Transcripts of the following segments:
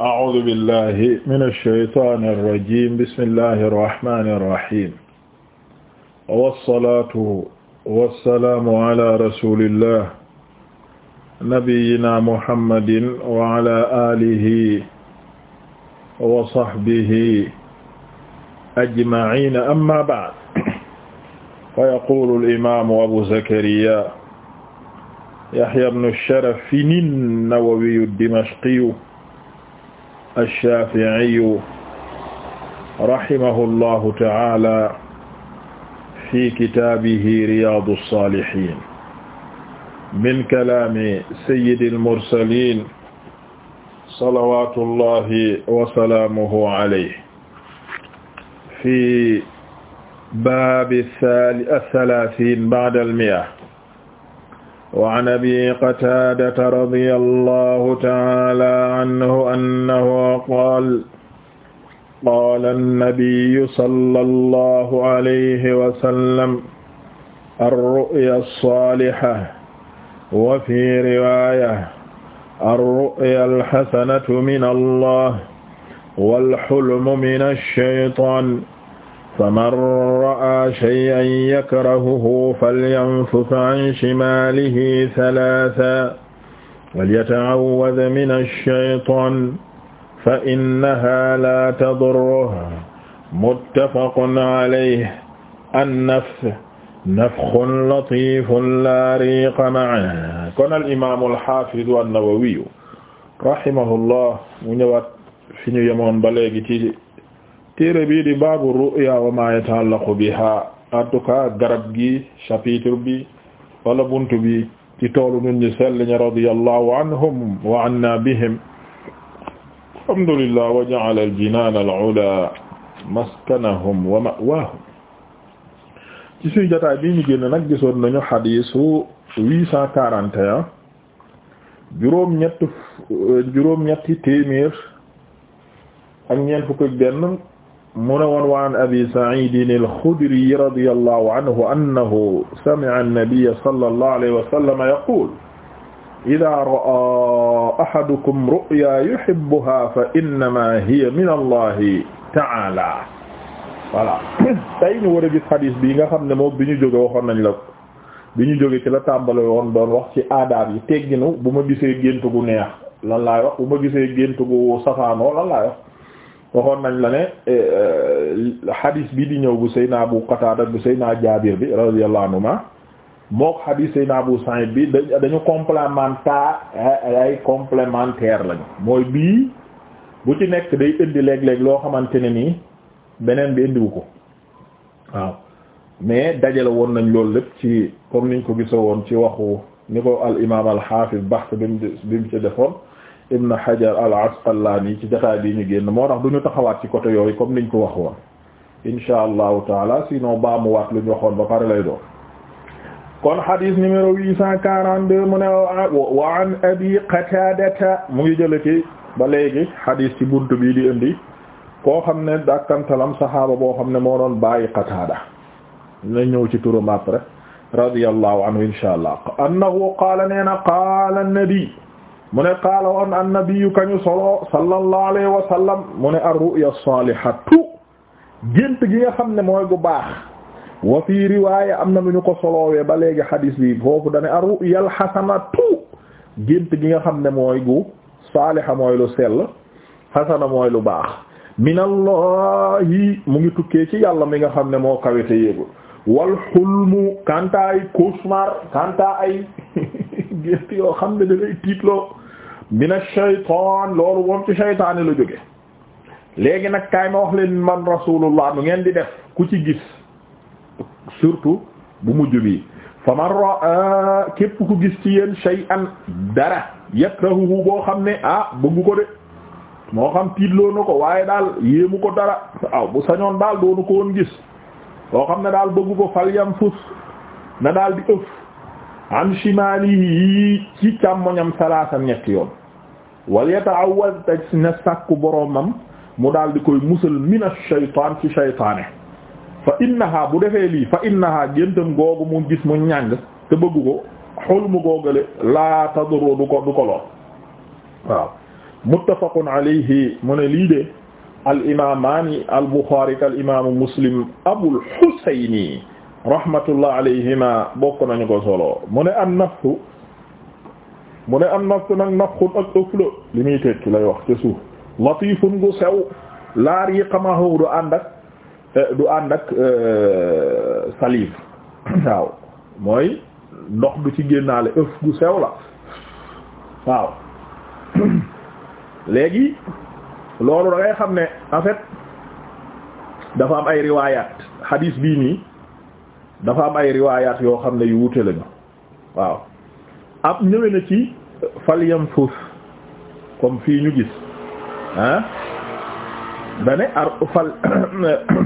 أعوذ بالله من الشيطان الرجيم بسم الله الرحمن الرحيم والصلاة والسلام على رسول الله نبينا محمد وعلى آله وصحبه أجمعين أما بعد فيقول الإمام أبو زكريا يحيى بن الشرف النووي الدمشقي ash-Shaafi'i rahimahullahu ta'ala fi kitaabihi Riyaadu s-Saalihiin min kalaami sayyidil mursaliin salawaatullahi wa salaamuhu alayhi fi baabi ath-thalaathiin ba'da al-mi'a waan abi qataadata radiya allahu taala anhu annahu qaala qaala annabiyu sallallahu alayhi wa sallam arru'ya as-saaliha wa fi riwaaya arru'ya al-hasanatu min allah wal hulmu min ash-shaytaan faman ra'a shay'an yakrahuhu falyanfus an shimalihi thalatha walyata'awwad min ash-shaytan fa innaha la tadurruhu muttafaqun alayhi an-nafs nafkhun latifun la riqa ma'ahu kon al-imam al-hafiz an-Nawawi rahimahullah mu ñëwaat fi ñu yemoon ba léegi ci téere bii di baabu ru'ya wa ma biha en garab gi chapitre bi wala buntu bi ci toolu nun ñi sell ñi radiyallahu bihim alhamdulillah wa ja'ala al-jinana al-'ula maskanahum wa ma'wahum ci suñu jotaay bi ñu génn nag mu ne woon wa an abi saidin alxudri radi allahu anhu annahu sami'a annabiyya sallallahu alayhi wa sallam yaqul idaa ra'aa ahadukum ru'yaa yuhibbuhaa fa innamaa hiya min allahi ta'aalaa voilà tey ñu war a gis xadiis bi nga xam ne moom bi ñu jóge waxoon nañ la bi ñu jóge ci la tàmbale woon doon wax ci aadaab yi tegginu bu ma gisee gént gu neex lan laay wax bu ma gisee gént gu safaanoo lan laay wax waxoon nañ la ne hadis eh, eh, bii di ñëw bu Seydina Abu Qatada bu Seydina Jaabir bi radiyallahu anhuma mook hadis Seydina Abu Sa'id bi dañu complémentaire ay complémentaire lañu mooy bii bu ci nekk day indi léeg-léeg loo xamante ne nii beneen bi indiwu ko waaw mais dajale woon nañ loolu lépp ci comme niñ ko gisoo woon ci waxu ni ko al imaam al hafiz Baht bi mu ci defoon ibn Hajar al-Asqalani ci jotaay bi ñu génn moo tax du ñu taxawaat ci côté yooyu comme niñ ko wax woon insha allahu taala sinon baamuwaat lu ñu waxoon ba pare lay doon kon hadith numéro huit cent quarante-deux mu ne wa an abi qatadata mu ngi jële ci ba léegi hadith ci buntu bii di indi koo xam ne dàkkantalam saxaaba boo xam ne moo doon bàyyi qataada na ñëw ci turam après radiyallahu anhu insha allah annahu qaala nee na qaala an-nabi mu ne qaala woon annabiyu kañu solo sallallahu alayhi wa sallam mu ne ar-ru'ya salihatu gént gi nga xam ne mooy gu baax wa fii riwaaya am na lu ñu ko soloowee ba léegi xadiis bi foofu dane ar-ru'ya al-hasanatu gént gi nga xam ne mooy gu saaliha mooy lu sell xasana mooy lu baax minallahi mu ngi tukkee ci yàlla mi nga xam ne moo kawite yéegul wal xulmu kanta ay cauchemar kanta ay gént yoo xam ne da lay tiitloo mina shaytaan loolu moom ci shaytaani la jóge léegi nag kaay ma wax leen man rasulullah nu ngeen di def ku ci gis surtout bu mujj bi fa man ra képp ku gis ci yéen shay'an dara yakrahuhu boo xam ne ah bëggu ko de moo xam tiitloo na ko waaye daal yéemu ko dara waaw bu sañoon daal doonu ko woon gis loo xam ne daal bëggu ko falyam fus na daal di ëf an shimalihi ci càmmoñam salaasan ñetti yoon wal yata'awwaz te na sàkku boromam mu daal di koy musal min ash-shaytaan ci shaytaane fa innaha bu defee lii fa innaha géntam googu mu gis mu ñàng te bëggu ko xol mu googale laa tadru du ko du ko lool waaw muttafaqun alayhi mu ne lii de al imaamaani al buxaari ak al imaamu muslim abul xusayni rahmatullah alayhima nañu ko mu ne an nafsu mu ne am nafsu nag nafxun ak ëf la li muy tekki lay wax ca suuf latifun gu sew laar yi xamahu du ànd ak eh, du ànd ak eh, salive waaw mooy ndox du ci génnaale ëf gu sew la waaw léegi loolu da xam ne en fait dafa am ay riwaayaat hadis bii nii dafa am ay riwaayaat yoo xam ne yu wute lañu waaw ab ñëwee na ci falyam fuus comme fii ñu gis ah dane ar fal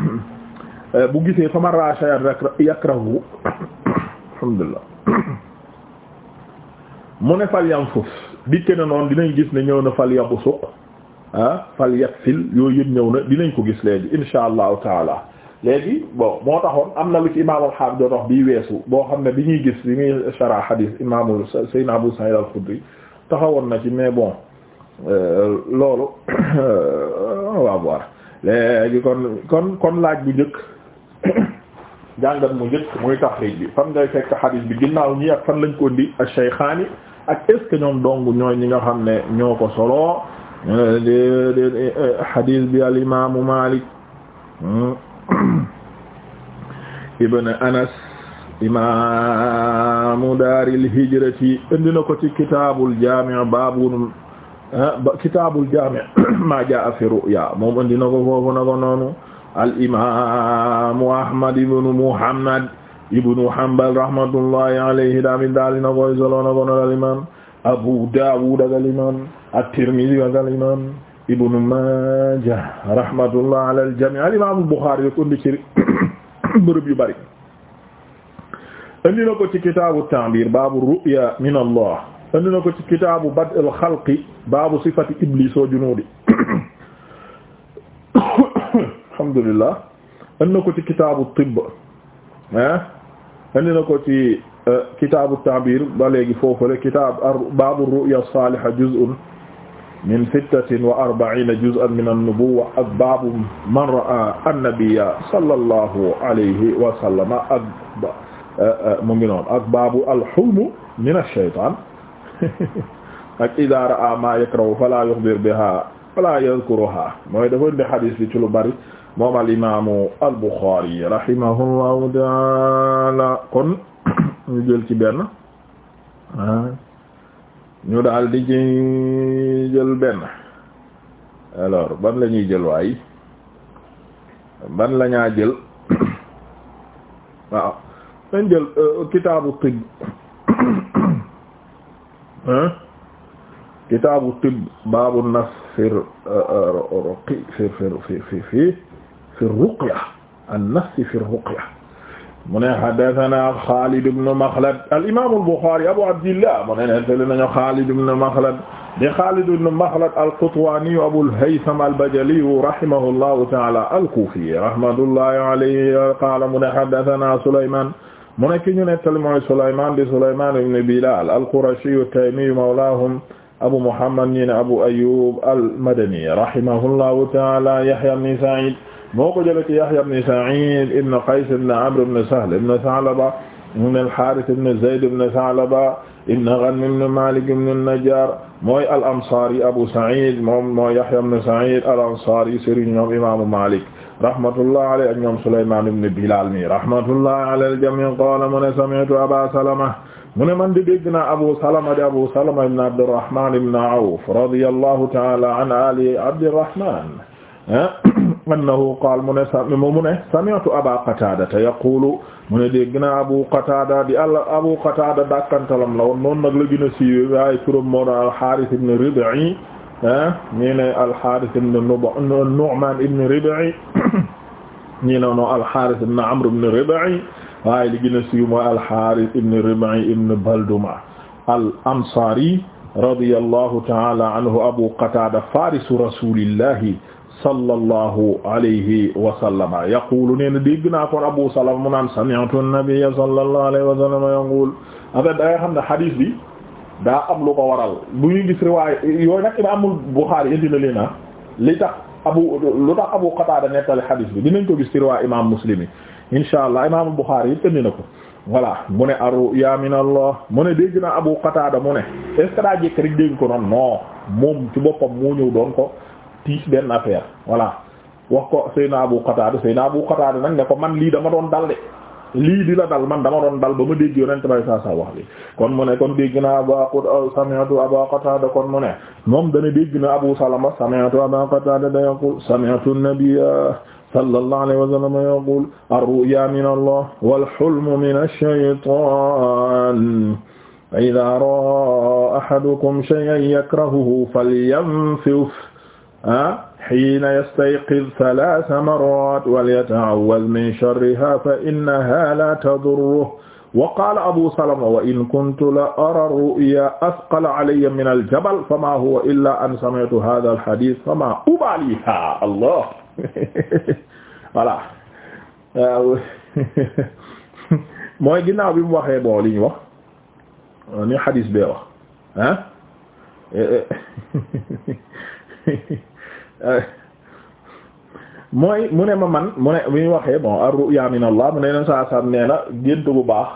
bu gisee fa ma raasha yakrahu alhamdulillah mu ne falyam fuus dikke na noonu dinañ gis ne ñëw na fal yabusuq ah fal yooyu yëpp ñëw na dinañ ko gis léegi insha allahu taala léegi bo moo taxoon am na lu ci imaamul xaafis doon wax weesu boo xam ne bi ñuy gis bi muy shara xadiis imaamul Seydina Abu Sa'id al-Xudri taxawoon na ci mais bon euh, loolu on va léegi kon kon kon laaj bu njëkk jàngat mu njëkk muy taxriij bi fan ngay fekk xadiis bi ginnaaw ñi ak fan lañ ko indi ash-Shaykhaani ak est-ce que ñoom dong ñooy ñi nga xam ne ñoo ko solo euh, déedéet xadiis euh, bi al imaamu Maalik hmm? ibn anas imamu daaril hijrati indi na ko ci kitaabul jaami' baabun ah, kitaabul jaami' maa jaa'a fi ru'ya moom indi na ko foofu na ko noonu al imamu ahmad ibnu muhammad ibnu hanbal rahmatullahi alayhi damit daali na koy solo na ko noonu al imam abu daawud ak al imam at-tirmidhi ak al imam ibnu Maaja rahmatullah ala al-jamii al-imaam al-Buxaari yo ko indi ci bërëb yu bari indi na ko ci kitaabu ta'biir baabu ru'ya min Allah indi na ko ci kitaabu bad'il xalqi baabu sifati iblis wa junuudi alhamdulillah indi na ko ci kitaabu tibb ah indi na ko ci eh, kitaabu ta'biir ba léegi foofule kitaab baabu ru'ya saaliha juz'un min sittatin wa arba'iina juz'an min an-nubuwwa ak baabu man ra'a an-nabiyya sallallahu alayhi wa sallam ak mu ngi noonu ak baabu al-hulmu min ash-shaytaan ak idhaa ra'aa maa yakrahu falaa yukhbir bihaa falaa yadhkuruhaa mooy dafa indi hadiis bi ci lu bari moom al-imaamu al-Buxaari rahimahullahu ta'aala kon ñu jël ci benn ah, ñu daal di ci jël benn alors ban la ñuy jël waay ban la ñaa jël waaw dañ jël euh, kitaabu tibb hein kitaabu tibb baabu nas fir euh, roqi fir fir fir fir fir ruqya an nas fir ruqya mu ne haddathana Xaalid ibn Maxlad al-imaam al-Buxaari Abu Abdillah mu ne nettali nañu Xaalid ibn Maxlad di Xaalid ibn Maxlad al-Qutwaani Abul Haytham al-Bajali rahimahullahu ta'aala al-Kuufi rahmatullahi alayhi qaala mu ne haddathana Sulaymaan mu ne ki ñu nettali mooy Sulaymaan di Sulaymaan ibn Bilaal al-Qurashi at-Taymi mawlaahum Abu Muhammad ñi ne Abu Ayyuub al-Madani rahimahullahu ta'aala Yahya ibn Sa'iid moo ko jëlee ci Yahya ibn Sa'id ibn Qays ibn Amr ibn Sahl ibn Tha'laba ibn al-Harith ibn Zayd ibn Tha'laba ibn Ghanm ibn Malik ibn an-Najjar mooy al-Ansari Abu Sa'id moom mooy Yahya ibn Sa'id al-Ansari sëriñ ñoom imaamu Malik rahmatullahi alayhi ak ñoom Sulayman ibn Bilal mi rahmatullahi ala al-jami' qala mu ne sami'tu Aba Salama mu ne man di dégg naa Abu Salama di Abu Salama ibn Abdurrahman ibn Awf radiyallahu ta'ala an ali Abdurrahman annahu qaal mu ne mu ne sami'tu aba qataadata yaqulu mu ne dégg naa abu qataada di àll abu qataada dàkkantalam la woon noonu nag la gën a siiwee waaye turam moo doon alxaaris ibn rib'i ah, ñii ne alxaaris ibn nu'maan ibn rib'i ñii ne noo alxaaris ibn amr ibn rib'i waaye li gën a siiw mooy alxaaris ibn rib'i ibn balduma al ansaari radiyallahu ta'ala anhu abu qataada faarisu rasuulillahi sallallahu alayhi wa sallama yaqulu nee na dégg naa kon Abu Salama mu naan sami'tu an-nabiyya sallallahu alayhi wa sallama yaqul affaire da ngay xam ne xadiis bi daa am lu ko waral bu ñu gis riwaay yooyu nag Imaamul Buxaari indi na leen li tax abu lu tax Abu Qataada nettali xadiis bi dinañ ko gis ci riwaay Imaam Muslim yi inshaa Allah Imaamul Buxaari yi indi na ko. voilà mu ne a ruya min Allah mu ne dégg naa Abu Qataada mu ne est ce daa jëkk rek dégg ko noonu non moom ci boppam moo ñëw tiis benn affaire voilà wax ko Seyna Abu Qatada Seyna Abu Qatada nag ne ko man lii dama doon dal de lii di la dal man dama doon dal ba ma dégg yonent bay saa saa wax li kon mu ne kon dégg na Aba euh, sami'tu Aba Qatada kon mu ne moom dana dégg na Abu Salama sami'tu Aba Qatada da yaqul sami'tu an-nabiyya sallallahu alayhi wa sallam yaqul ar-ru'ya min Allah wal hulmu min ash-shaytan fa idha ra'a ahadukum shay'an yakrahuhu falyanfif ah xiina yastayqid salaasa marrat walyataawaz min sharriha fa innaha la tadurruhu wa qaala abu salama wa in kuntu la ara ru'ya asqala alayya min aljabal fama huwa illa an sami'tu hadha alhadith fama ubaliha allah voilà waaw mooy ginnaaw bi mu waxee bon li ñu wax ni hadis bee wax ah Euh, mooy mu ne ma man mu ne bu ñu waxee bon ar min allah mu ne leen saa nee na gént bu baax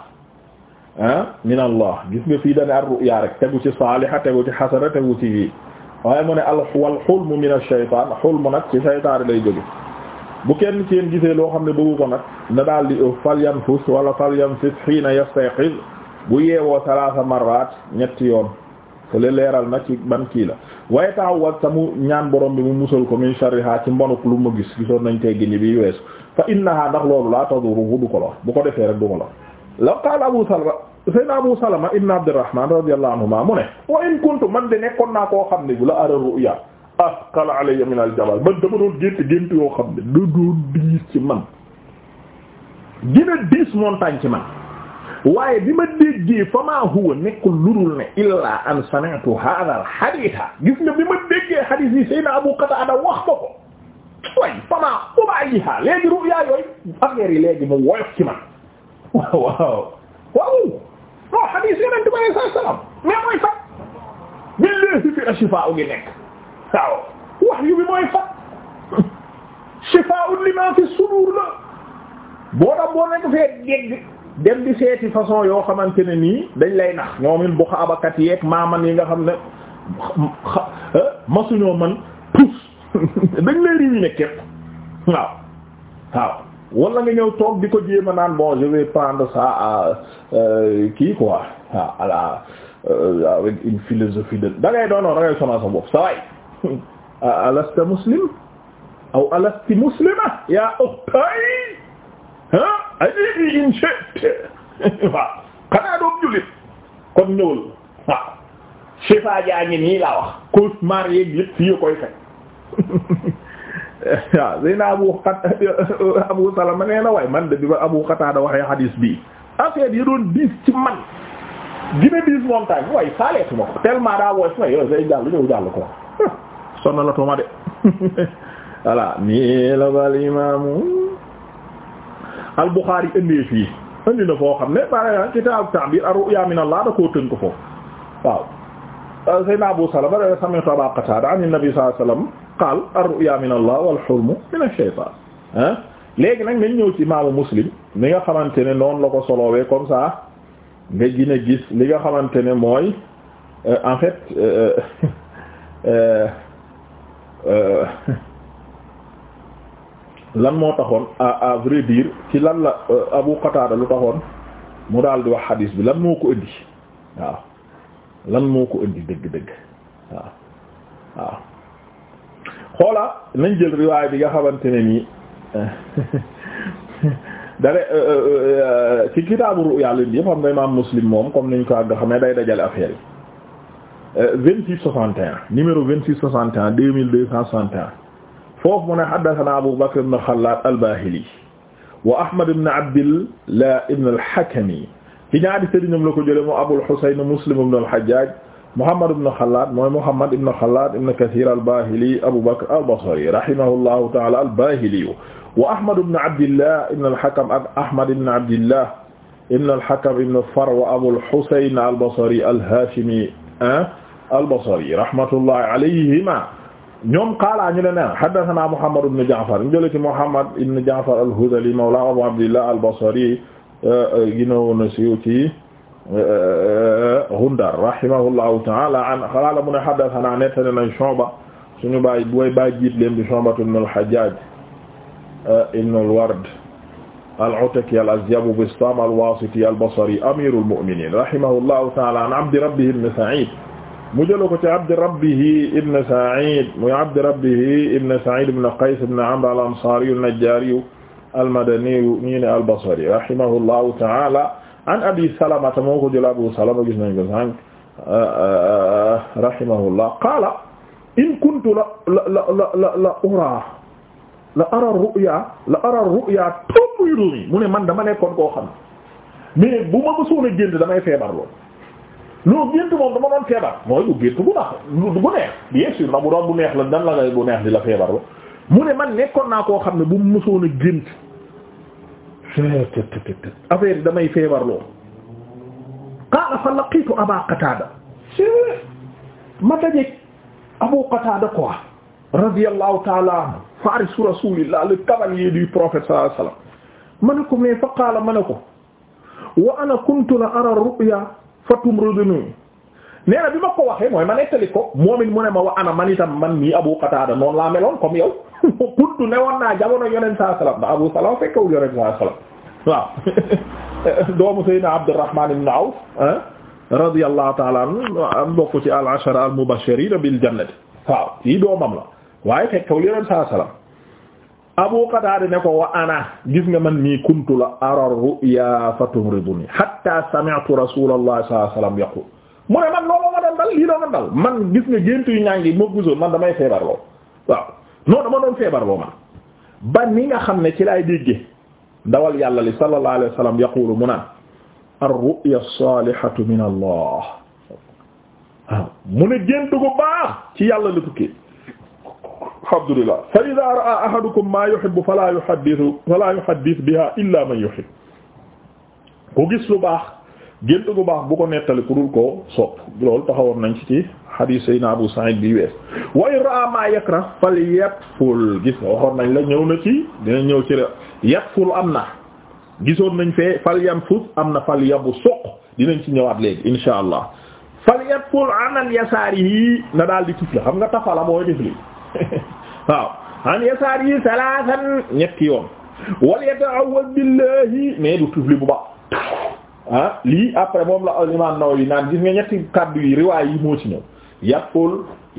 ah min allah gis nga fii dane ar-ru'ya rek tegu ci saaliha tegu ci xasana tegu ci yii waaye mu ne al min ash nag ci shaytaan lay jóge bu kenn ci yéen gisee loo xam ne bëggu ko nag na daal di falyanfus wala falyanfis hiina yastayqiz bu yeewoo salaasa marraat ñetti yoon le leeral na ci ban kii la waaye taawat sa mu ñaan borom bi mu musal ko min sharriha ci mbonuk lu ma gis gisoon nañ tey gini bi weesu fa innaha ndax loolu laa taduru du ko lor bu ko defee rek du ko lor la qaala abu salama sayna abu salama ibn abdurrahman radiyallahu anhuma mu ne wa in man de nekkoon naa koo xam ne bu la ara ru'ya asqal alayya min al jabal man dama doon gént gént yoo xam ne da doon diis ci man gën a diis montagne ci waaye bi ma déggee fa maa huwa nekkul ludul ne illaa an sami'tu hadha al haditha gis nga bi ma déggee hadith yi Seydina Abu Qatada wax ma ko way fa maa ubayyiha léegi ru'ya yooyu affaire yi léegi mu woyof ci man waaw waaw waaw non hadith yi Yonent bi sallallahu alayhi wasallam mais mooy fat billahi fi ashifa'u ngi nekk waaw wax yu bi mooy fat shifa'u lima fi sudur la boo dam boo nekk fee dégg dem di seeti façon yoo xamante ne nii dañ lay nax ñoomin bu xaabakat yeeg maaman yi nga xam ne eh, masuñoo man puus dañ lay ruiner képp waaw waaw wala nga ñëw toog di ko jéem a naan bon je vais prendre ça à euh, kii quoi waaw à la euh, avec une philosophie de da ngay doonoon da sonal sa bopp sa waay alasta muslim aw alasti muslima yaa uxtay oh, ah aji incha waaw xanaa doom jullit kon ñëwul waaw Chifa jaa ngi nii laa wax cause marié bi yëpp fii koy fekk waaw Zeyna Abu Xat Abu Salama nee na waay man de bi ba Abu Qatada waxee hadis bii affaire yi doon diis ci man dina diis montagne waaye faaleetu ma ko tellement daa woy su ma yow say jàll ñëw jàll ko sonn la tuma de voilà nii la bal imaamu al Bukhari indee fii indi na foo xam ne par kitaab ta'bir ar-ru'ya min Allah da koo tënk foofu waaw. Euh, Seydina Abu Salama da sami'tu Aba Qatada an an-nabi sallallahu alayhi wasallam qaala ar min Allah wal hulmu min ash-shaytan ah léegi nag nañ ñëw ci imaamu Muslim mi nga xamante ne noonu la ko solowee comme ça nga gën gis li nga xamante ne mooy euh, en fait. Euh, lan moo taxoon à à vrai ci lan la euh, Abu Qatada lu taxoon mu daal di wax xadiis bi lan moo ko indi waaw lan moo ko indi dëgg-dëgg waaw waaw xoola nañ jël riwaay bi nga xamante ne nii dare euh, euh, ci kitaabu ru'ya yëpp xam nga imaam Muslim moom comme niñ ko àgg xamee day dajale affaire yi vingt-six soixante et un numéro vingt-six soixante et mille deux cent foofu mu ne haddathana Abu Bakr ibn Khallat al-Bahili wa Ahmad ibn Abdillah ibn al-Hakami ci ñaari sëriñam la ko jëlee mu Abul Husayn Muslim ibn al-Hajjaj Muhammad ibn Khallat mooy Muhammad ibn Khallat ibn Kathir al-Bahili Abu Bakr al-Basri rahimahullahu ta'ala al-Bahili wa Ahmad ibn Abdillah ibn al-Hakam ak Ahmad ibn Abdillah ibn al-Hakam ibn Farwa Abul Husayn al-Basri al-Hashimi al-Basri rahmatullahi alayhima ñoom qaala ñu ne ne haddathana Muhammad ibn Ja'far ñu jële ci Muhammad ibn Ja'far al-Hudhali mawla Abu Abdillah al-Basri euh, euh, ginnawoon na siiw ci euh, Ghundar rahimahullahu ta'ala an xalaala mu ne haddathana nettali nañ Shu'ba suñu baay booy baay jiit leen di Shu'ba ibn al-Hajjaj ibn al-Ward al-Ataki al-Azyab Bistam al-Wasiti al-Basri amirul mu'minin rahimahullahu ta'ala an Abdi Rabbih ibn Sa'id mu jëlo ko ci abdi rabbihi ibn Sa'id muy abdi rabbihi ibn Sa'id ibn Qays ibn Amr al-Ansari an-Najjari al-Madani ñii ne al-Basri rahimahullahu ta'ala an Abi Salama moo ko jël Abu Salama gis nañ ko sànq rahimahullah qaala in kuntu la la la la la ura la ara ru'ya la ara ru'ya tumiru mu ne man dama nekkoon koo xam mais bu ma mësoon a gént damay feebar lool non gént moom dama doon feebar mooy du gént bu nax bu neex na bu doon bu neex la dan la ngay bu neex di la feebar ba mu ne man nekkoon naa koo xam ne bu mu mësoon a gént affaire yi damay feebar loolu qaala fa laqiitu aba qatada ma dajeek abu qatada quoi radiyallahu ta'ala anhu farisu rasulillah le cavalier du prophète sallallahu alayhi wasallam ma ne ko mais fa qaala ma ne wa ana kuntu la ara ru'ya fatum rodeni nee na bi ma ko waxee mooy ma nettali ko moom it mu ne ma wa ana man itam man mii Abu Qatada noonu laa meloon comme yow kuntu ne woon naa jamono yonent saa salaam ndax Abu Salaam fekkewul yonent saa salaam waaw doomu Seydina Abdurrahman ibn Awf ah, radiyallahu ta'ala anhu am bokk ci al ashara al mubashirin bil jannati waaw kii doomam la waaye fekkewul yonent saa salaam Abu Qatada ne ko wa ana gis nga man ni kuntu la ara ru'ya fatumriduni hatta sami'tu rasulullah sallallahu alayhi wasallam yaqul mu ne man loolu ma doon dal lii doon dal man gis nga gént yu ñaa ngi moo gisoon man damay feebar loo waaw non dama doon feebar loo man ba ni nga xam ne ci laay déggee dawal yàlla li sallallahu alayhi wasallam yaqulu mu naan ar-ru'ya as-salihatu min Allah mu ne gént gu baax ci yàlla la alhamdulillah fa ida raa ahadukum maa yuhibbu fala yuhaddithu fala yuhaddith biha illa man yuhib ku gis lu baax gént gu baax bu ko nettali ku dul ko sopp loolu taxawoon nañ ci ci hadith sayna Abu Sa'id bi wees wa in raa maa yakrah falyatful gis nga waxoon nañ la ñëw na ci dina ñëw ci la yatful am na gisoon nañ fee falyanfus am na falyabsuq dinañ ci ñëwaat léegi insha allah falyatful anal yasaari yi na daal di tifli xam nga tafala mooy tifli waaw an yasaar yi salaasan ñetti yoon wal yata'awwad billahi mais du tufli bu baax ah lii après moom la al imam Nawawi naan gis nga ñetti kàddu yi riwaay yi moo ci ñëw yàqul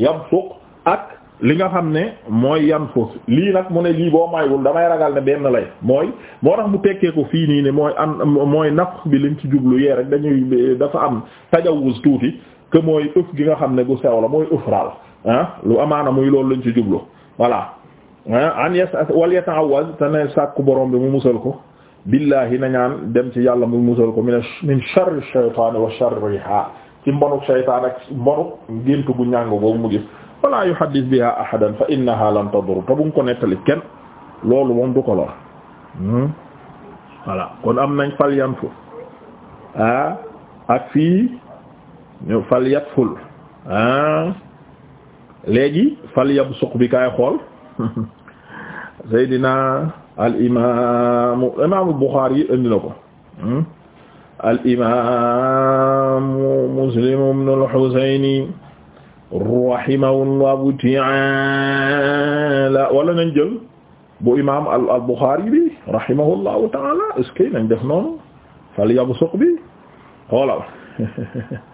yabsuq ak li nga xam ne mooy yan foofu lii nag mu ne lii boo maywul damay ragal ne benn lay mooy moo tax mu tekkee ko fii nii ne mooy am mooy naf bi liñ ci jublu yee rek dañuy dafa am tajawuz tuuti que mooy ëf gi nga xam ne gu sew la mooy ëf raal ah, lu amaana muy loolu lañ ci jublu voilà an yes wal yata'awwaz te ne sàkku borom bi mu musal ko billahi na ñaan dem ci yàlla mu musal ko min min sharri shaytaani wa sharriha ci mbonuk shaytaan ak mbonuk géntu gu ñàng boobu mu gis wala yuhaddith biha ahadan fa innaha lan tadur te bu mu ko nettali kenn loolu moom du ko lor hmm? voilà kon am nañ fal yan fu ah ak fii ñu fal yat ful ah léegi fal yabsuq bi kaay xool Seydina al imaamu imaamu Bukhari indi na ko al imaamu Muslim ibn al Husayni rahimahullahu ta'ala wala nañ jël bu imaam al al Bukhari bi rahimahullahu ta'ala est-ce que nañ def noonu fal yabsuq bi xoolal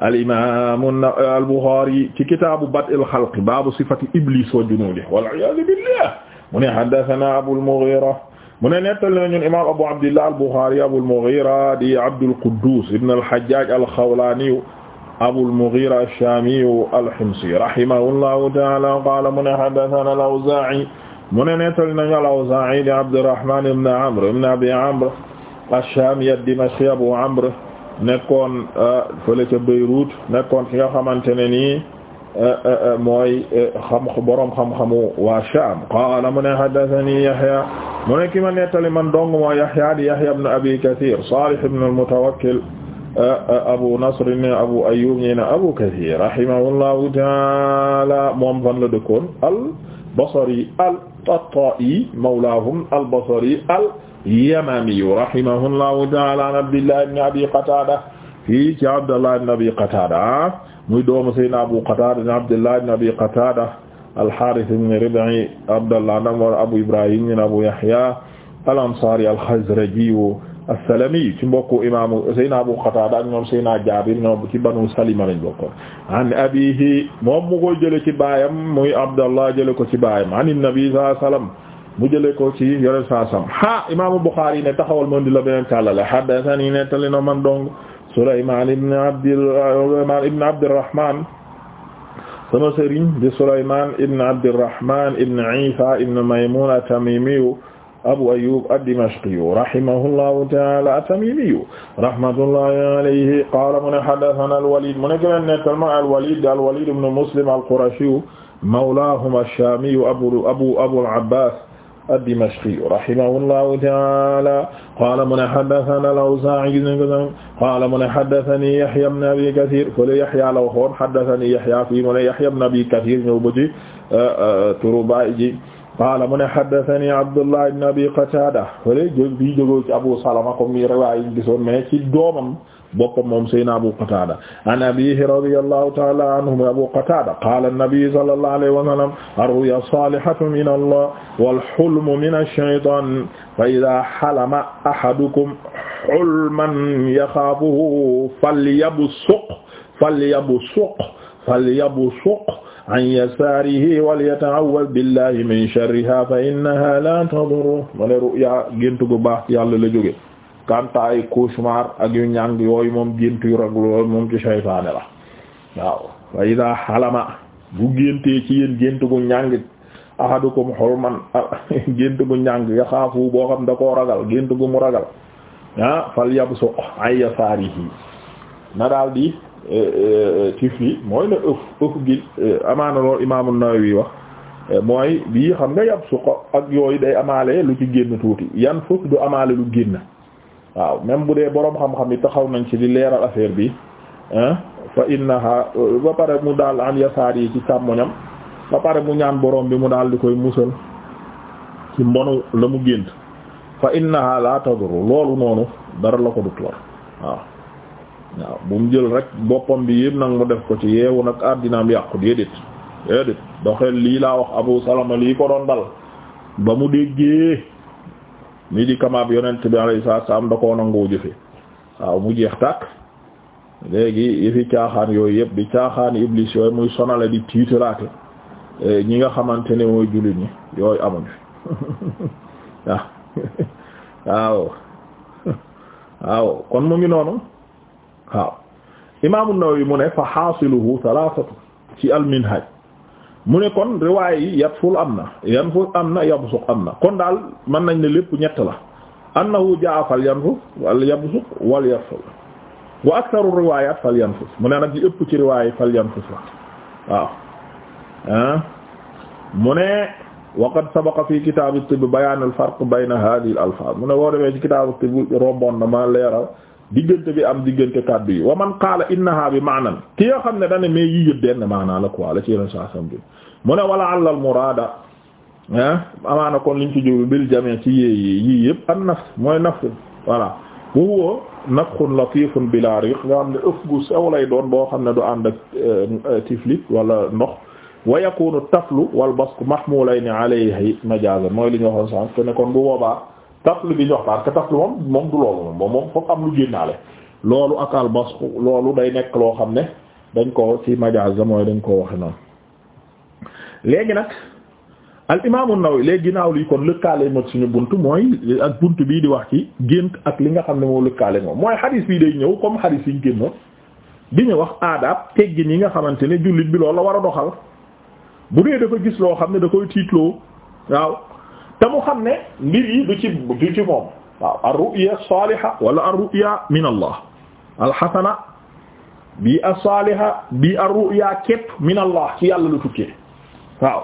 al imaam euh, al Buxaari ci kitaabu bad'il xalq baabu sifati iblis wa junuudihi wal iyaadu billah mu ne haddasanaa Abul Mughiira mu ne nettali na ñun imaam Abu Abdillah al Buxaari Abul Mughiira di Abdul Quddus ibn al Hajjaaj al Xawlaani Abul Mughiira ash-Shaami al-Himsi rahimahullahu ta'aala qaala mu ne haddasanaa al-Awzaa'i mu ne nettali nañu al-Awzaa'i di Abdurrahmaan ibn Amr ibn Abi Amr ash-Shaami ad-Dimashqi Abu Amr nekkoon euh, fële ca Beyrouth nekkoon ki nga xamante ne nii euh, euh, mooy xam boroom xam-xamu waa Sham qaala mu ne haddathani Yahya mu ne ki ma nettali man dong moo Yahya di Yahya ibn Abi Kathir Salih ibn al-Mutawakkil Abu Nasr ne Abu Ayyub ñi ne Abu Kathir rahimahullahu ta'ala moom fan la dëkkoon al-Basri al-Tatta'i mawlahum al-Basri al al-Yamami rahimahullahu ta'ala an Abdillah ibn Abi Qatada fii ci Abdallah ibn Abi Qatada muy doomu Seydina Abu Qatada ibn Abdillah ibn Abi Qatada al-Harith ibn Rib'i Abdallah nag war Abu Ibrahim ibn Abu Yahya al-Ansari al-Khazraji as-Salami ci mbokku imaamu Seydina Abu Qatada ak ñoom Seydina Jaabir ñoom ci Banu Salima lañ bokkoon an abiihi moom mu koy jële ci baayam muy Abdallah jële ko ci baayam an Nabi sallallahu alayhi wa sallam mu jëlee ko ci yore saa sam ha imaamu Bukhari ne taxawal ma di la beneen kàllale haddathani nettali na man dong Sulaymaan ibn Abdi Sulaymaan ibn Abdirrahman sama sëriñ di Sulaymaan ibn Abdirrahman ibn Iisa ibn Maymuun at-Tamiimiyu Abu Ayyuub ad-Dimashqiyu rahimahullahu ta'aala at-Tamiimiyu rahmatullahi alayhi qaala mu ne haddathanaa al-Waliid mu ne gën nettal ma al-Waliid al-Waliid ibn Muslim al-Qurashiyu mawlaahum ash-Shaamiyu abu abu Abul Abbaas ad-Dimashqi rahimahullahu ta'ala qaala mu ne haddathana al-Awzaa'i gis nañ ko sax qaala mu ne haddathani Yahya ibn Abi Kathir fële Yahya la waxoon haddathani Yahya fii mu ne Yahya ibn Abi Kathir ñëw ba ci uh, uh, turu baay ji qaala mu ne haddathani Abdullah ibn Abi Qatada fële bii jógoo ci Abu Salama comme ni riwaaya yi gisoon mais ci doomam boppam moom sayna Abu Qatada an abihi radiyallahu ta'ala anhu Abu Qatada qala an-nabi sallallahu alayhi wa sallam ar-ru'ya salihatu min Allah wal hulmu min ash-shaytan fa idha halama ahadukum hulman yakhafuhu falyabsuq falyabsuq falyabsuq an yasaarihi walyata'awwad billahi min sharriha fa innaha la tadurru ma ne ru'ya gént gu baax yàlla la jóge kanta ay cauchemar ak yu ñàng yooyu moom gént yu raglu yooyu moom ci saytaane la waaw wa xalama bu géntee ci yéen gént gu ñàng ahadukum xolman gént gu ñàng yaxaafu boo xam da koo ragal gént gu mu ragal ah fal yabsuq ay yasaarihi na daal di eh, eh, tifli mooy na ëf ëf gi eh, amaana loolu Imaam An-Nawawi wax mooy bii xam nga yabsuq ak yooyu day amaale lu ci génn tuuti yan foofu du amaale lu génn waaw même bu dee boroom xam-xam yi taxaw nañ ci di leeral affaire bi fa innaha ba pare mu daal an yasaar yi ci càmmoñam ba pare mu ñaan boroom bi mu daal di koy musal ci mbonu la mu gént fa innaha la taduru loolu noonu dara la ko dut lor waaw waaw bu mu jël rek boppam bi yëpp nag mu def ko ci yeewu nag àddinaam yàqu déedéet déedéet doxeel lii laa wax Abu Salama ko doon dal ba mu déggee mi di kamaab yonent bi alayhi salaam da koo nangoo jëfe waaw mu jeex tàkk léegi yëfi caaxaan yooyu yëpp di caaxaan iblis yooyu muy sonale di tiitaraate eh, ñi nga xamante ne mooy jullit ñi yooyu amuñu ah. waaw waaw waaw kon mu ngi noonu waaw imaamu yi mu ne fa xaasiluhu thalathatu ci al minhaj mu ne kon riwaay yi yat am na yan am na yabsuq am na kon daal mën nañ ne lépp ñett la annahu jaa fal yanfus wal yabsuq wal wa aktharu riwayat fal mu ne nag li ëpp ci riwaay fal yanfus la waaw ah mu ne waqad sabaqa fi kitab at-tibb bayan al-farq bayna hadhihi mu ne boo demee ci kitab at-tibb romboon na ma leeral diggante bi am diggante kàddu yi wa man qaala innaha bi maanan ki yoo xam ne dane mais yi yëpp denn maanaa la quoi la ci yeneen saa bi mu ne wala àllal muraada ah amaana kon liñ ci jóg bil jamee ci yéeyi yii yëpp an nafs mooy nafs voilà bu woo nafxun latifun bila riq nga xam ne ëf gu sew lay doon boo xam ne du ànd ak eh, tiflit wala ndox wa yakunu taflu wal basku mahmulayni alayhi majazan mooy li ñu waxoon sànq te kon bu boobaa taflu bi ñu wax parce que taflu moom du loolu moom moom fokk am lu génnaale loolu ak al basku loolu day nekk loo xam ne dañ ko ci majaz la dañ ko waxe noonu léegi nag al imaamu Nawawi léegi ginnaaw lii kon lëkkaale moom suñu bunt mooy ak bunt bii di wax ci gént ak li nga xam ne moo lëkkaale moom mooy xadis bi day ñëw comme xadis yi ñu génnoon di ñu wax aadaab teggin yi nga xamante ne jullit bi loolu la war a doxal bu dee dafa gis loo xam ne da koy tiitloo waaw te mu xam ne mbir yi du ci du ci moom waaw ar-ru'ya as-saliha wala ar min Allah al-hasana bi as-saliha bi ar-ru'ya képp min Allah ci yàlla lu tukkee waaw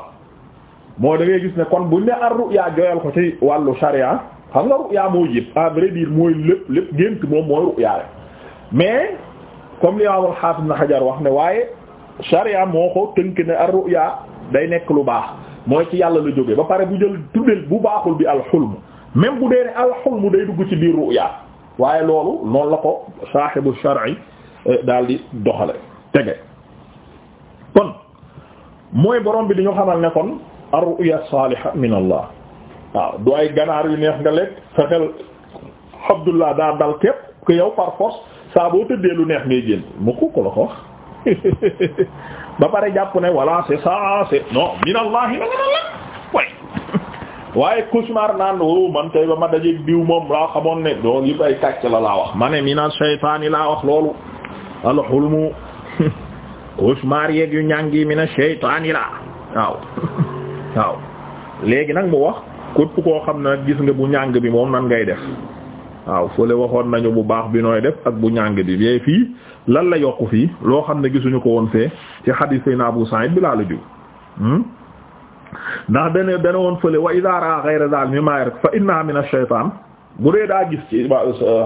moo da gis ne kon bu ne ar ru'ya joyal ko ci wàllu sharia xam nga ru'ya moo yëpp à vrai dire mooy lépp lépp gént moom mooy ru'ya mais comme li awal xaafis na xajar wax ne waaye sharia moo ko tënk ne ar day nekk lu baax mooy ci yàlla la jóge ba pare bu jël tuddel bu baaxul bi alxulm même bu dee ne alxulm day dugg ci biir ru'ya waaye loolu noonu la ko saaxibu shar'i eh, daal di doxale tege kon mooy boroom bi dañu xamal ne kon ar-ru'ya salihah min Allah waaw du ay ganaar yu neex nga lekk sa xel Abdullah daa dal képp que yow par force saa boo tëddee lu neex ngay jël mu ko la ko ba pare jàpp ne voilà c'est ça c'est non min Allah la way waaye cauchemar naan oh, man tay ba ma dajeeg diw moom laa xamoon ne doo yëpp ay kàcc la laa wax ma ne mina shaytaani laa wax loolu al-hulmu cauchemar yeeg yu ñàngi mi na shaytaani la waaw waaw léegi nag mu wax képp koo xam ne gis nga bu ñàng bi moom nan ngay def waaw fële waxoon nañu bu baax bi nooy def ak bu ñàng bi mais fii lan la yokk fii loo xam ne gisuñu ko woon fee ci xadiis sayna Abu Sa'id bi laa la jiw hmm? ndax dana dana woon fële wa idha ra'a ghayra mi maa fa inna min ash-shaytan bu dee daa gis ci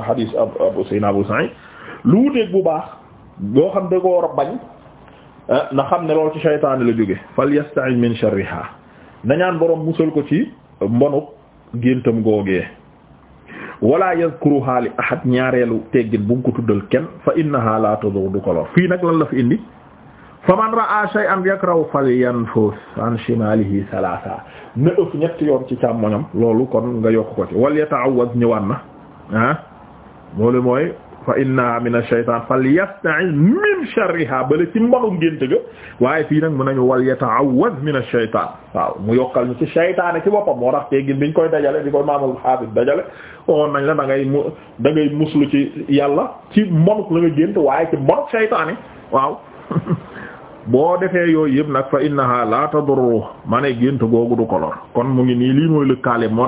xadiis Abu Sa'id lu wuteek bu baax boo xam da ko war bañ Eh, na xam ne loolu ci shaytaan la jóge fal yasta'in min sharriha nañaan borom musal ko ci mbonuk géntam googee wala yazkuruha li ahad ñaareelu teggin bu mu ko tuddal kenn fa innaha la fii nag lan la indi fa man ra'a shay'an yakrahu falyanfus an shimalihi salasa na ëf ñetti yoon ci càmmoñam loolu kon nga yokk ko ci wal yata'awwaz ñëwaan na ah loolu mooy fa innaha min ash-shaytan falyasta'iz min sharriha bale ci mbonu gént ga waaye fii nag mun nañu wal yata'awwaz min ash-shaytan waaw mu yokkal ñu ci shaytaane ci boppam moo tax teggin biñ koy dajale di koy maamul xaafis dajale oon nañ la dangay ngay mu da ci yàlla ci mbonuk la nga gént waaye ci mbonuk shaytaane waaw boo defee yooyu yëpp nag fa innaha la tadurru ma ne gént googu du kolor kon mu ngi nii lii mooy lëkkaale moo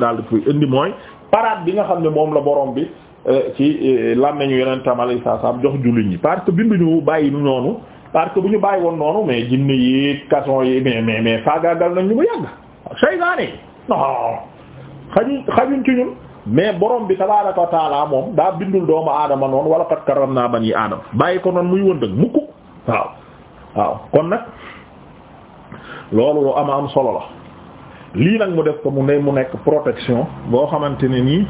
daal di indi mooy paraat bi nga xam ne moom la borom bi ci eh, làmmeñu yonentam alayhi salaam jox jullit ñi parce que binduñu bàyyi nu noonu parce que bu ñu bàyyi woon noonu mais jinne yi kason yi mais mais mais faagaagal nañ ñu bu yàgg saytaane yi xajuñ xajuñ ci ñun mais borom bi tabaaraka wa taala moom daa bindul doomu aadama noonu wala kat karam naa bani aadama bàyyi ko noonu muy wëndëg mukk waaw waaw kon nag loolu lu am solo la lii nag mu def ko mu ne mu nekk protection boo xamante ne nii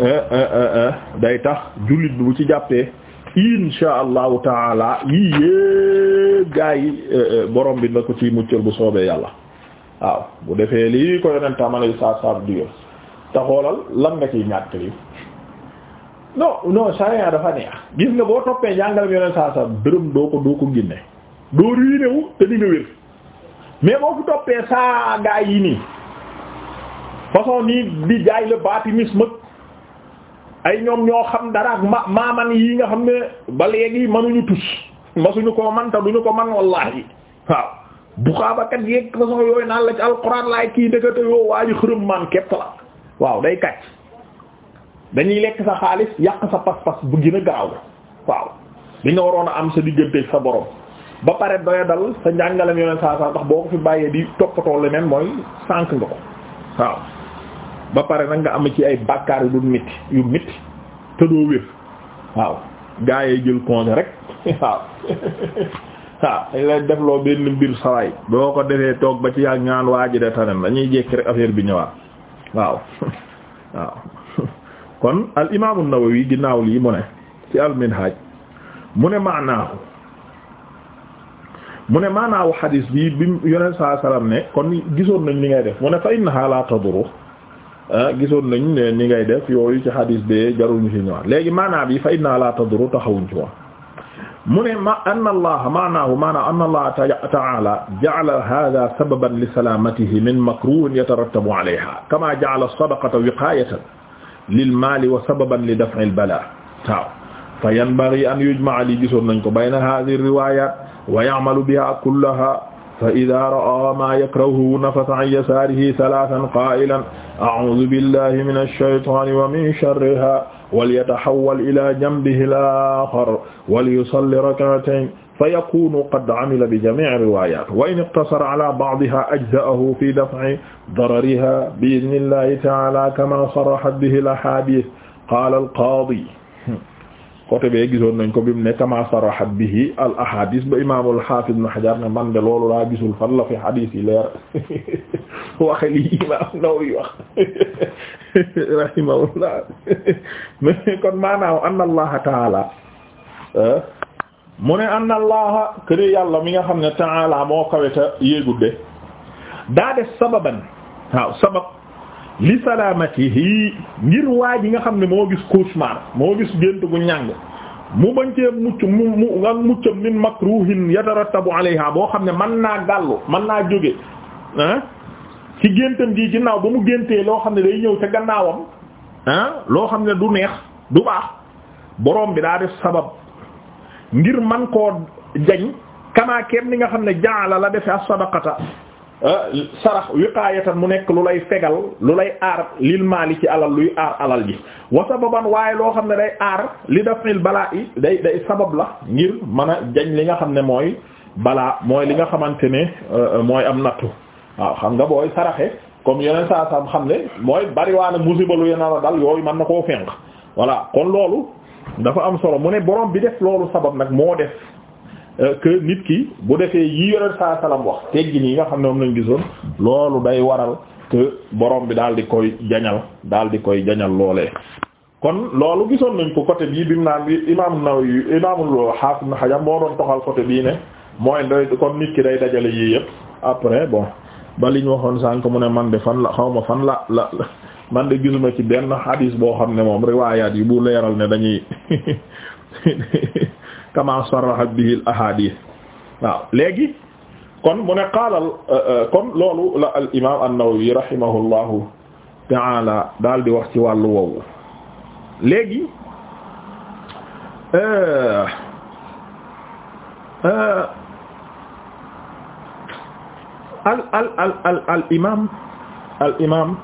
Euh, euh, euh, day tax jullit bi bu ci jàppee insha allahu taala yii yëpp gaa yi borom bi na ko ci muccal bu soobee yàlla waaw bu defee lii ko yonentam alay saa saab digal te xoolal lan nga ciy ñàkk lii non non charia dafa neex gis nga boo toppee njàngalam yonent saa saab dërëm doo ko doo ko génne doo riinewu te di wér mais boo toppee saa gaa yi nii façon nii di jaay le bâtimisme ay ñoom ñoo xam dara ak ma maaman yi nga xam ne ba léegi manuñu tus masuñu koo man ta duñu ko man wallahi waaw buxaabakat yeeg façon yooyu naan la ci alxuraan laay kii ndekete yoo waa ji xërëm man képp la waaw day kàcc dañuy lekk sa xaalis yàq sa pas-pas bu gën a gaaw waaw li waroon a am sa digganteeg sa borom ba pare doya dal sa njàngalem yoneen saa saa tax boo ko fi bàyyee di toppatoo leneen mooy sànk nga ko waaw ba pare nag nga am ci ay bàkkaar yu du métti yu métti te wér waaw gaa yi jël congé rek waaw waaw def loo benn mbir sawaay boo ko defee toog ba ci yàgg ñaan waa ji de tanen dañuy jekki rek affaire bi ñëwaat waaw waaw kon al imaamu Nawawi ginnaaw lii mu ne ci al minhaj mu ne maanaahu mu ne maanaahu xadiis bi bi yoneen saa salaam ne kon gisoon nañ li ngay def mu ne fa innaha la taduru Ah, gisoon nañ ne ni ngay def yooyu ci hadis bee jarul ñu ci ñëwaat léegi maanaa bi fa inna la tadru taxawuñ ci wax mu ne ma anna allaha maanaahu maanaa anna allaha ta'ala ja'ala hadha sababan li salamatihi min makruhin yatarattabu alayha kama ja'ala as-sadaqata wiqayatan lil mali wa sababan li daf'i al-bala waaw fa yanbaghi an yujma'a li gisoon nañ ko bayna hadhihi riwayat wa ya'malu biha kullaha fa idaa ra'aa maa yakrahu nafasa an yasaarihi salaasan qaa'ilan a'uudu billahi mina shaytaani wa min sharrihaa walyatahawwal ilaa janbihi al-aaxar walyusalli rak'atayni fayakuunu qad 'amila bi jamii'i riwaayaat wa in iqtasara 'alaa ba'dihaa ajza'ahu fii daf'i dararihaa bi-idhnillahi ta'aalaa kamaa sarrahat bihi al-ahaadiith qaala al-qaadii côté bee gisoon nañ ko bi mu ne kama sarahat bihi al ahadis ba imaamul hafiz ibn hajar ne man de loolu laa gisul fi hadis yi leer waxe li imam Nawawi wax rahimahullah mais kon maanaam anna allaha taala eh, mu ne anna allaha kër yàlla mi nga xam ne taala moo kaweta yéegudde daa def sababan waaw sabab li salaamatihi ngir waa ji nga xam ne moo gis cauchemar moo gis gént gu ñàng mu bañ cee mucc mu mu ak muccam min makruhin yatarattabu alayha boo xam ne man naa gàllu man naa jóge ci géntam gi ginnaaw ba mu géntee loo xam ne day ñëw ca gannaawam loo xam ne du neex du baax boroom bi daa def sabab ngir man koo jañ kama kenn ni nga xam ne jaala la defe as Euh, sarax wiqaayatan mu nekk lu lay fegal lu lay aar lil maali ci alal luy aar alal ji wa sababan waaye loo xam ne day aar li dafil balaa i day day sabab la ngir mën a jañ li nga xam ne mooy balaa mooy li nga xamante ne euh, mooy am nattu waaw xam nga booy saraxe comme yeneen saa sam xam ne mooy bariwaane musiba lu yena la dal yooyu man na koo fenq voilà kon loolu dafa am solo mu ne borom bi def loolu sabab nag moo def Euh, que nit ki bu defee yi yonent saa salaam wax teggin yi nga xam ne moom lañ gisoon loolu day waral que borom bi daal di koy jañal daal di koy jañal loolee. kon loolu gisoon nañ ko côté bii bi mu naan bi imaam Nawawi imaamul Haafiz Ibn Hajar moo doon toxal côté bii ne mooy doy kon nit ki day dajale yii yëpp après bon ba li ñu waxoon sànq mu ne man de fan la xaw ma fan la la man de gisuma ci benn hadis boo xam ne moom riwaayaat yi bu leeral ne dañuy. kama sarraha bihi al ahadith waaw léegi kon mu ne qaala euh, euh, kon loolu la al imam an-Nawawi rahimahullahu taala daal di wax ci wàllu woowu léegi euh, al al al al al imaam al imaam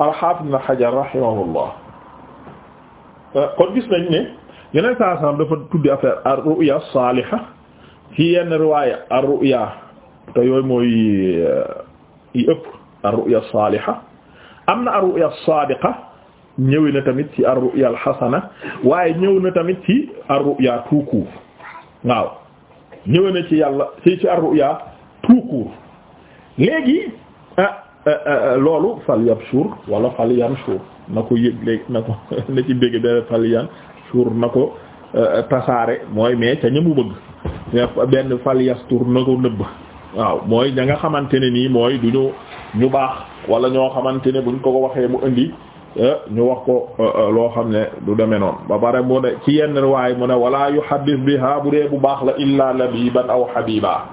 al haafiz ibn Hajar rahimahullah kon gis nañ ne yeneen saa saam dafa tuddi affaire ar-ru'ya saaliha ci yenn riwaaya ar-ru'ya te yooyu mooy euh, yi ëpp ar-ru'ya saaliha am na ar-ru'ya saadiqa ñëwee tamit ci ar-ru'ya al waaye ñëw tamit ci ar-ru'ya tout waaw ñëwee ci yàlla fii ci ar-ru'ya tout court léegi ah, ah, ah, loolu fal yabshur wala fal yanshur na ko yëg léegi na ko na ci bégg dara fal yan yastur na ko euh, tasaare mooy mais ca ñamu bëgg benn fal yastur na ko nëbb waaw mooy ña nga xamante ne nii mooy du ñu ñu baax wala ñoo xamante ne buñ ko ko waxee mu indi euh, ñu wax ko euh, loo xam ne du demee noonu ba pare mu ne ci yenn riwaay mu ne walaa yu wala bi biha bu dee bu baax la illa labiban aw habiba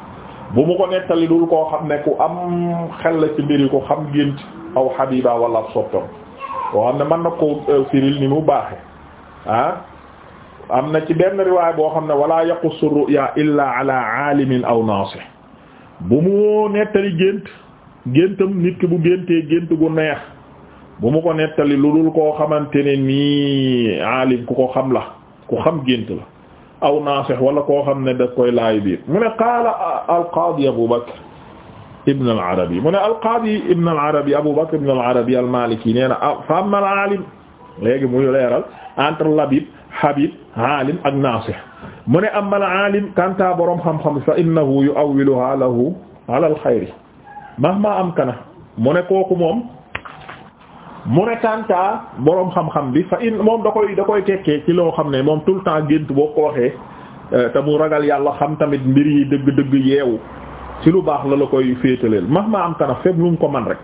bu mu ko nettali dul ko xam ne ku am xel la ci mbiri ko xam gént aw habiba wala ab soppam koo xam ne mën na ko firil ni mu baaxe ah am na ci benn riwaay boo xam ne wala yaqussu ru'ya illa ala aalimin aw naasih bu mu nettali gént géntam nit ki bu géntee gént gu neex bu mu ko nettali lu dul koo xamante ne nii aalim ku ko xam la ku xam gént la aw naasih wala koo xam ne da koy laay biir mu ne qaala alqaadi Abu Bakr ibn al-Arabi mu ne alqaadi ibn al-Arabi Abu Bakr ibn al-Arabi al-Maliki nee na ah fa amma al-aalim léegi muy leeral entre labib habib alim ak naasih mu ne am amal alim kanta boroom xam-xam fa innahu yu'awwiluha lahu ala alxayri mahma amkana mu ne kooku moom mu ne kanta boroom xam-xam bi fa in moom da koy da koy tekkee ci loo xam ne moom tout temps gént boo ko waxee euh, te mu ragal yàlla xam tamit mbir yi dëgg-dëgg yeewu ci lu baax la la koy féetaleel mahma amkana fépp lu mu ko man rek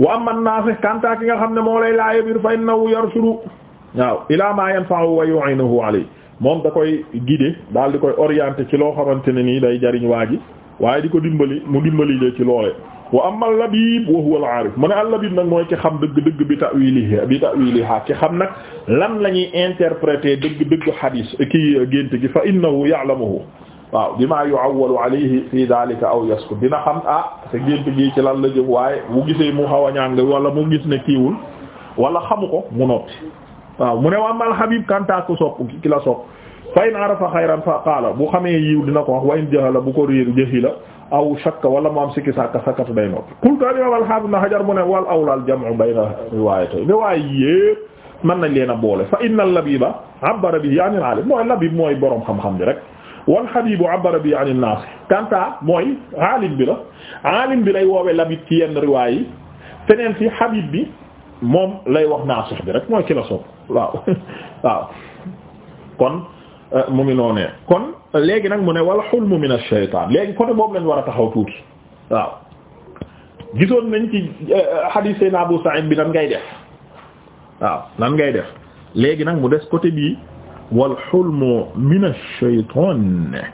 wa amma an-naasih kanta ki nga xam ne moo lay laaye biir fa innahu yarshudu waaw ilaa maa yanfa'u wa yu'inuhu alayhi moom da koy guider daal di koy orienter ci loo xamante ne nii day jariñ waa ji waaye di ko dimbali mu dimbali le ci loole wa amma al-labib wa huwa al-aarif mu ne al-labib nag mooy ki xam dëgg dëgg bi ta'wilihi bi ta'wiliha ki xam nag lan la ñuy interpréter dëgg dëgg hadis ki gént gi fa innahu ya'lamuhu waaw bima yu'awwalu alayhi fi dhalika aw yaskut dina xam ah sa gént gi ci lan la jëm waaye bu gisee mu xaw a ñàng wala mu gis ne kiiwul wala xamu ko mu noppi waaw mu ne waa mal habib kanta ko sopp ki la sopp fa in arafa xayran fa qaala bu xamee yiw dina ko wax wa in jahala bu ko réer jahila aw shakka wala mu am sikki sàkka sakkatu day noppi qultu al-imam al-hafiz ibn hajar mu ne wal awla al-jam'u bayna riwayatay riwaay yépp mën nañ leen a boole fa inna al-labiba abara bihi 'an al-'alim mooy labib mooy borom xam-xam rek wal habibu abara bi an naas kanta mooy aalim bi la aalim bi lay woowe labit ci yenn riwaay yi feneen fi habib bi moom lay wax naasix bi rek mooy ki la sopp waaw waaw kon euh, mu ngi noonee kon léegi nag mu ne wal xulmu min a shaytaan léegi côté boobu lañ war a taxaw tuuti waaw gisoon nañ ci euh, euh, hadith Seydina Abu Sa'id bi nan ngay def waaw nan ngay def léegi nag mu des côté bii wal hulmu mina shaytaan